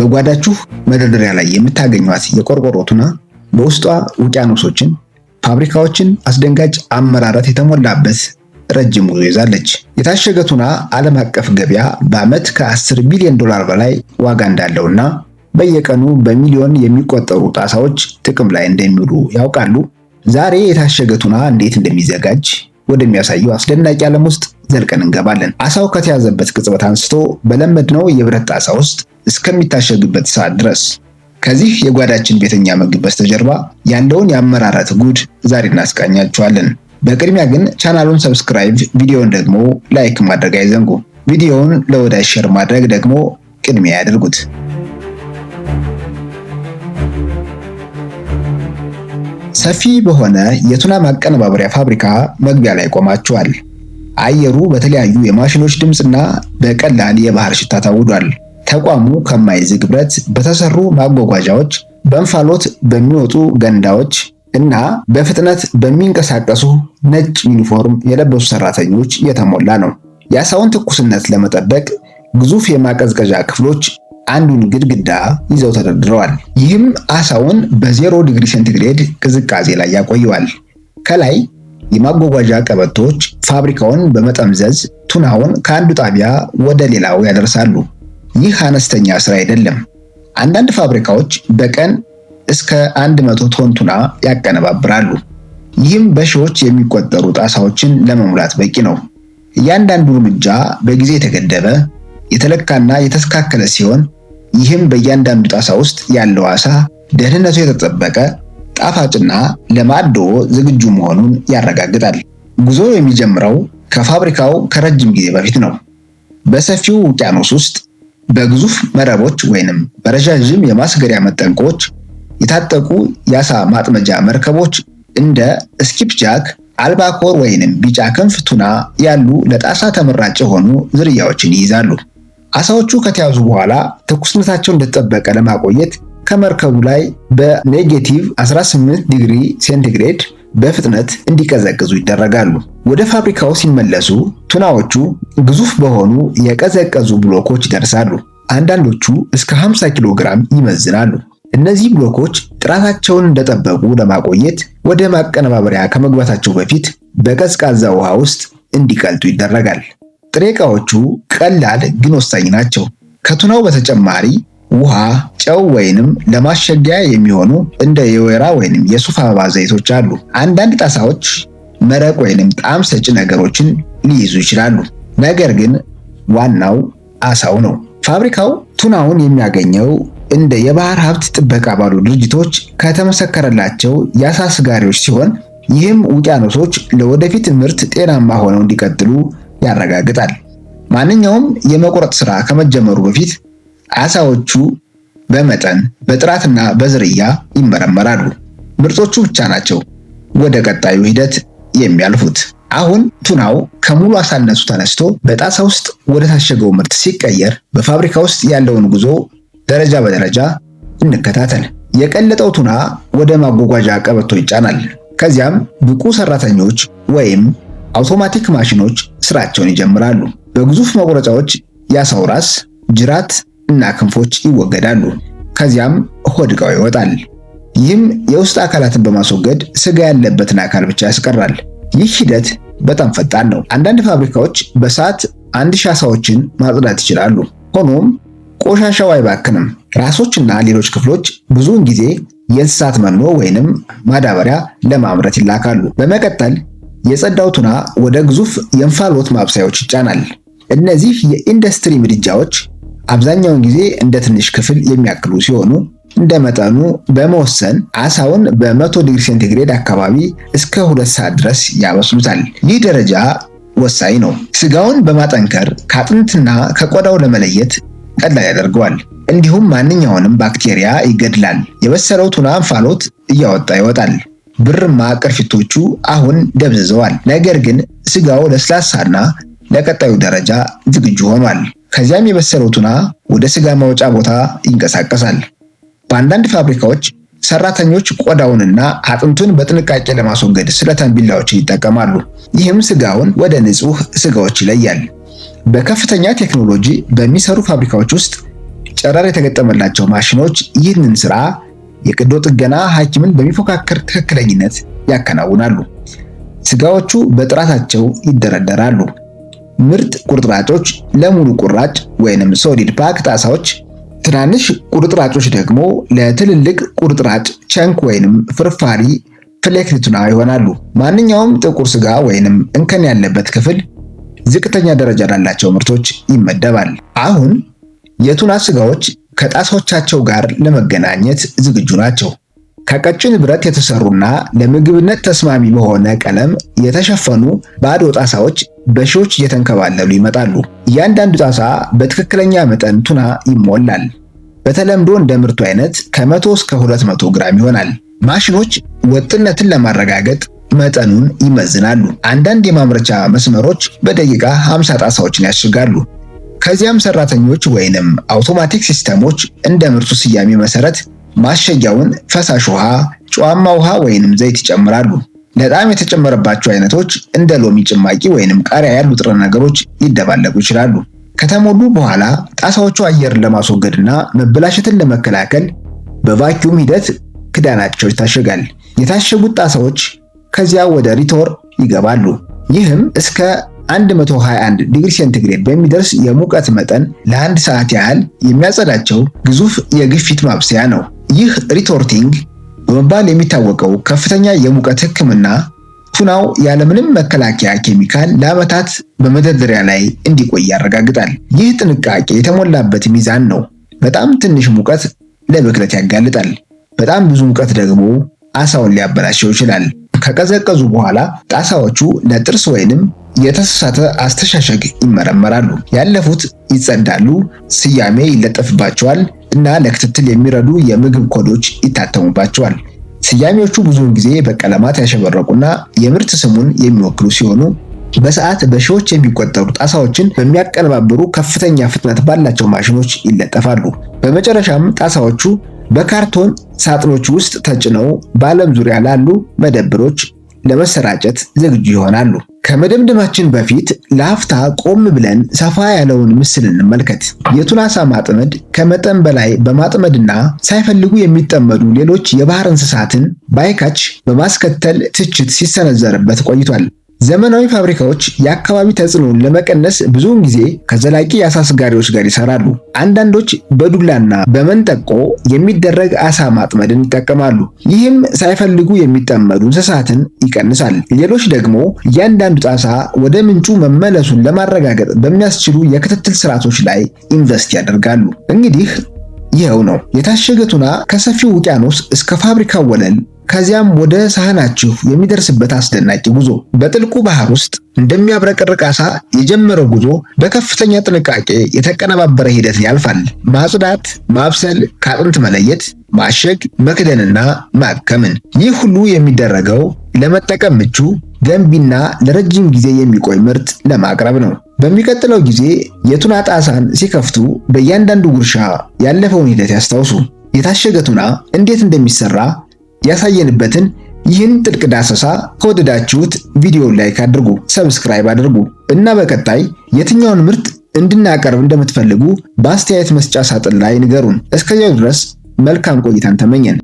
በጓዳችሁ መደርደሪያ ላይ የምታገኟት የቆርቆሮ ቱና በውስጧ ውቅያኖሶችን፣ ፋብሪካዎችን፣ አስደንጋጭ አመራረት የተሞላበት ረጅም ጉዞ ይዛለች። የታሸገ ቱና ዓለም አቀፍ ገበያ በዓመት ከ10 ቢሊዮን ዶላር በላይ ዋጋ እንዳለውና በየቀኑ በሚሊዮን የሚቆጠሩ ጣሳዎች ጥቅም ላይ እንደሚውሉ ያውቃሉ? ዛሬ የታሸገ ቱና እንዴት እንደሚዘጋጅ ወደሚያሳየው አስደናቂ ዓለም ውስጥ ዘልቀን እንገባለን። አሳው ከተያዘበት ቅጽበት አንስቶ በለመድነው የብረት ጣሳ ውስጥ እስከሚታሸግበት ሰዓት ድረስ ከዚህ የጓዳችን ቤተኛ ምግብ በስተጀርባ ያለውን የአመራረት ጉድ ዛሬ እናስቃኛችኋለን። በቅድሚያ ግን ቻናሉን ሰብስክራይብ፣ ቪዲዮውን ደግሞ ላይክ ማድረግ አይዘንጉ። ቪዲዮውን ለወዳጅ ሸር ማድረግ ደግሞ ቅድሚያ ያደርጉት። ሰፊ በሆነ የቱና ማቀነባበሪያ ፋብሪካ መግቢያ ላይ ቆማችኋል። አየሩ በተለያዩ የማሽኖች ድምፅና በቀላል የባህር ሽታ ታውዷል። ተቋሙ ከማይዝግ ብረት በተሰሩ ማጓጓዣዎች፣ በእንፋሎት በሚወጡ ገንዳዎች እና በፍጥነት በሚንቀሳቀሱ ነጭ ዩኒፎርም የለበሱ ሰራተኞች የተሞላ ነው። የአሳውን ትኩስነት ለመጠበቅ ግዙፍ የማቀዝቀዣ ክፍሎች አንዱን ግድግዳ ይዘው ተደርድረዋል። ይህም አሳውን በዜሮ ዲግሪ ሴንቲግሬድ ቅዝቃዜ ላይ ያቆየዋል። ከላይ የማጓጓዣ ቀበቶች ፋብሪካውን በመጠምዘዝ ቱናውን ከአንዱ ጣቢያ ወደ ሌላው ያደርሳሉ። ይህ አነስተኛ ስራ አይደለም። አንዳንድ ፋብሪካዎች በቀን እስከ 100 ቶን ቱና ያቀነባብራሉ። ይህም በሺዎች የሚቆጠሩ ጣሳዎችን ለመሙላት በቂ ነው። እያንዳንዱ እርምጃ በጊዜ የተገደበ የተለካና የተስተካከለ ሲሆን ይህም በእያንዳንዱ ጣሳ ውስጥ ያለው አሳ ደህንነቱ የተጠበቀ ጣፋጭና ለማዶ ዝግጁ መሆኑን ያረጋግጣል። ጉዞ የሚጀምረው ከፋብሪካው ከረጅም ጊዜ በፊት ነው። በሰፊው ውቅያኖስ ውስጥ በግዙፍ መረቦች ወይንም በረዣዥም የማስገሪያ መጠንቆች የታጠቁ የዓሳ ማጥመጃ መርከቦች እንደ ጃክ አልባኮር ወይንም ቢጫ ክንፍ ቱና ያሉ ለጣሳ ተመራጭ የሆኑ ዝርያዎችን ይይዛሉ። አሳዎቹ ከተያዙ በኋላ ትኩስነታቸው እንደተጠበቀ ለማቆየት ከመርከቡ ላይ በኔጌቲቭ 18 ዲግሪ ሴንቲግሬድ በፍጥነት እንዲቀዘቅዙ ይደረጋሉ። ወደ ፋብሪካው ሲመለሱ ቱናዎቹ ግዙፍ በሆኑ የቀዘቀዙ ብሎኮች ይደርሳሉ። አንዳንዶቹ እስከ 50 ኪሎ ግራም ይመዝናሉ። እነዚህ ብሎኮች ጥራታቸውን እንደጠበቁ ለማቆየት ወደ ማቀነባበሪያ ከመግባታቸው በፊት በቀዝቃዛ ውሃ ውስጥ እንዲቀልጡ ይደረጋል። ጥሬ ዕቃዎቹ ቀላል ግን ወሳኝ ናቸው። ከቱናው በተጨማሪ ውሃ፣ ጨው ወይንም ለማሸጊያ የሚሆኑ እንደ የወይራ ወይንም የሱፍ አበባ ዘይቶች አሉ። አንዳንድ ጣሳዎች መረቅ ወይንም ጣዕም ሰጪ ነገሮችን ሊይዙ ይችላሉ። ነገር ግን ዋናው አሳው ነው። ፋብሪካው ቱናውን የሚያገኘው እንደ የባህር ሀብት ጥበቃ ባሉ ድርጅቶች ከተመሰከረላቸው የአሳ ስጋሪዎች ሲሆን ይህም ውቅያኖሶች ለወደፊት ምርት ጤናማ ሆነው እንዲቀጥሉ ያረጋግጣል። ማንኛውም የመቁረጥ ስራ ከመጀመሩ በፊት አሳዎቹ በመጠን በጥራትና በዝርያ ይመረመራሉ። ምርጦቹ ብቻ ናቸው ወደ ቀጣዩ ሂደት የሚያልፉት። አሁን ቱናው ከሙሉ አሳነቱ ተነስቶ በጣሳ ውስጥ ወደ ታሸገው ምርት ሲቀየር በፋብሪካ ውስጥ ያለውን ጉዞ ደረጃ በደረጃ እንከታተል። የቀለጠው ቱና ወደ ማጓጓዣ ቀበቶ ይጫናል። ከዚያም ብቁ ሰራተኞች ወይም አውቶማቲክ ማሽኖች ስራቸውን ይጀምራሉ። በግዙፍ መቁረጫዎች የአሳው ራስ፣ ጅራት እና ክንፎች ይወገዳሉ። ከዚያም ሆድ ይወጣል። ይህም የውስጥ አካላትን በማስወገድ ስጋ ያለበትን አካል ብቻ ያስቀራል። ይህ ሂደት በጣም ፈጣን ነው። አንዳንድ ፋብሪካዎች በሰዓት አንድ ሺህ አሳዎችን ማጽዳት ይችላሉ። ሆኖም ቆሻሻው አይባክንም። ራሶችና ሌሎች ክፍሎች ብዙውን ጊዜ የእንስሳት መኖ ወይንም ማዳበሪያ ለማምረት ይላካሉ። በመቀጠል የጸዳው ቱና ወደ ግዙፍ የእንፋሎት ማብሰያዎች ይጫናል። እነዚህ የኢንዱስትሪ ምድጃዎች አብዛኛውን ጊዜ እንደ ትንሽ ክፍል የሚያክሉ ሲሆኑ እንደ መጠኑ በመወሰን አሳውን በመቶ ዲግሪ ሴንቲግሬድ አካባቢ እስከ ሁለት ሰዓት ድረስ ያበስሉታል። ይህ ደረጃ ወሳኝ ነው። ስጋውን በማጠንከር ከአጥንትና ከቆዳው ለመለየት ቀላል ያደርገዋል። እንዲሁም ማንኛውንም ባክቴሪያ ይገድላል። የበሰለው ቱና እንፋሎት እያወጣ ይወጣል። ብርማ ቅርፊቶቹ አሁን ደብዝዘዋል። ነገር ግን ስጋው ለስላሳና ለቀጣዩ ደረጃ ዝግጁ ሆኗል። ከዚያም የበሰለው ቱና ወደ ስጋ ማውጫ ቦታ ይንቀሳቀሳል። በአንዳንድ ፋብሪካዎች ሰራተኞች ቆዳውንና አጥንቱን በጥንቃቄ ለማስወገድ ስለታም ቢላዎችን ይጠቀማሉ። ይህም ስጋውን ወደ ንጹህ ስጋዎች ይለያል። በከፍተኛ ቴክኖሎጂ በሚሰሩ ፋብሪካዎች ውስጥ ጨረር የተገጠመላቸው ማሽኖች ይህንን ስራ የቀዶ ጥገና ሐኪምን በሚፎካከር ትክክለኝነት ያከናውናሉ። ስጋዎቹ በጥራታቸው ይደረደራሉ። ምርጥ ቁርጥራጮች ለሙሉ ቁራጭ ወይንም ሶሊድ ፓክ ጣሳዎች፣ ትናንሽ ቁርጥራጮች ደግሞ ለትልልቅ ቁርጥራጭ ቸንክ ወይንም ፍርፋሪ ፍሌክትና ይሆናሉ። ማንኛውም ጥቁር ስጋ ወይንም እንከን ያለበት ክፍል ዝቅተኛ ደረጃ ላላቸው ምርቶች ይመደባል። አሁን የቱና ስጋዎች ከጣሶቻቸው ጋር ለመገናኘት ዝግጁ ናቸው። ከቀጭን ብረት የተሰሩና ለምግብነት ተስማሚ በሆነ ቀለም የተሸፈኑ ባዶ ጣሳዎች በሺዎች እየተንከባለሉ ይመጣሉ። እያንዳንዱ ጣሳ በትክክለኛ መጠን ቱና ይሞላል። በተለምዶ እንደ ምርቱ አይነት ከ ከ100 እስከ 200 ግራም ይሆናል። ማሽኖች ወጥነትን ለማረጋገጥ መጠኑን ይመዝናሉ። አንዳንድ የማምረቻ መስመሮች በደቂቃ 50 ጣሳዎችን ያሽጋሉ። ከዚያም ሰራተኞች ወይንም አውቶማቲክ ሲስተሞች እንደ ምርቱ ስያሜ መሰረት ማሸጊያውን ፈሳሽ ውሃ፣ ጨዋማ ውሃ ወይንም ዘይት ይጨምራሉ። ለጣዕም የተጨመረባቸው አይነቶች እንደ ሎሚ ጭማቂ ወይንም ቃሪያ ያሉ ጥረ ነገሮች ሊደባለቁ ይችላሉ። ከተሞሉ በኋላ ጣሳዎቹ አየርን ለማስወገድና መበላሸትን ለመከላከል በቫኪዩም ሂደት ክዳናቸው ይታሸጋል። የታሸጉት ጣሳዎች ከዚያ ወደ ሪቶር ይገባሉ። ይህም እስከ 121 ዲግሪ ሴንቲግሬድ በሚደርስ የሙቀት መጠን ለአንድ ሰዓት ያህል የሚያጸዳቸው ግዙፍ የግፊት ማብሰያ ነው። ይህ ሪቶርቲንግ በመባል የሚታወቀው ከፍተኛ የሙቀት ሕክምና ቱናው ያለምንም መከላከያ ኬሚካል ለዓመታት በመደርደሪያ ላይ እንዲቆይ ያረጋግጣል። ይህ ጥንቃቄ የተሞላበት ሚዛን ነው። በጣም ትንሽ ሙቀት ለብክለት ያጋልጣል። በጣም ብዙ ሙቀት ደግሞ አሳውን ሊያበላሸው ይችላል። ከቀዘቀዙ በኋላ ጣሳዎቹ ለጥርስ ወይንም የተሳሳተ አስተሻሸግ ይመረመራሉ፣ ያለፉት ይጸዳሉ፣ ስያሜ ይለጠፍባቸዋል እና ለክትትል የሚረዱ የምግብ ኮዶች ይታተሙባቸዋል። ስያሜዎቹ ብዙውን ጊዜ በቀለማት ያሸበረቁና የምርት ስሙን የሚወክሉ ሲሆኑ በሰዓት በሺዎች የሚቆጠሩ ጣሳዎችን በሚያቀነባብሩ ከፍተኛ ፍጥነት ባላቸው ማሽኖች ይለጠፋሉ። በመጨረሻም ጣሳዎቹ በካርቶን ሳጥኖች ውስጥ ተጭነው በዓለም ዙሪያ ላሉ መደብሮች ለመሰራጨት ዝግጁ ይሆናሉ። ከመደምደማችን በፊት ለአፍታ ቆም ብለን ሰፋ ያለውን ምስል እንመልከት። የቱላሳ ዓሳ ማጥመድ ከመጠን በላይ በማጥመድና ሳይፈልጉ የሚጠመዱ ሌሎች የባህር እንስሳትን ባይካች በማስከተል ትችት ሲሰነዘርበት ቆይቷል። ዘመናዊ ፋብሪካዎች የአካባቢ ተጽዕኖን ለመቀነስ ብዙውን ጊዜ ከዘላቂ የአሳ አስጋሪዎች ጋር ይሰራሉ። አንዳንዶች በዱላና በመንጠቆ የሚደረግ አሳ ማጥመድን ይጠቀማሉ። ይህም ሳይፈልጉ የሚጠመዱ እንስሳትን ይቀንሳል። ሌሎች ደግሞ እያንዳንዱ ጣሳ ወደ ምንጩ መመለሱን ለማረጋገጥ በሚያስችሉ የክትትል ስርዓቶች ላይ ኢንቨስት ያደርጋሉ። እንግዲህ ይኸው ነው። የታሸገ ቱና ከሰፊው ውቅያኖስ እስከ ፋብሪካ ወለል ከዚያም ወደ ሳህናችሁ የሚደርስበት አስደናቂ ጉዞ። በጥልቁ ባህር ውስጥ እንደሚያብረቀርቅ አሳ የጀመረው ጉዞ በከፍተኛ ጥንቃቄ የተቀነባበረ ሂደትን ያልፋል። ማጽዳት፣ ማብሰል፣ ከአጥንት መለየት፣ ማሸግ፣ መክደንና ማከምን። ይህ ሁሉ የሚደረገው ለመጠቀም ምቹ ገንቢና ለረጅም ጊዜ የሚቆይ ምርት ለማቅረብ ነው። በሚቀጥለው ጊዜ የቱና ጣሳን ሲከፍቱ በእያንዳንዱ ጉርሻ ያለፈውን ሂደት ያስታውሱ። የታሸገ ቱና እንዴት እንደሚሰራ ያሳየንበትን ይህን ጥልቅ ዳሰሳ ከወደዳችሁት ቪዲዮ ላይክ አድርጉ፣ ሰብስክራይብ አድርጉ እና በቀጣይ የትኛውን ምርት እንድናቀርብ እንደምትፈልጉ በአስተያየት መስጫ ሳጥን ላይ ንገሩን። እስከዚያው ድረስ መልካም ቆይታን ተመኘን።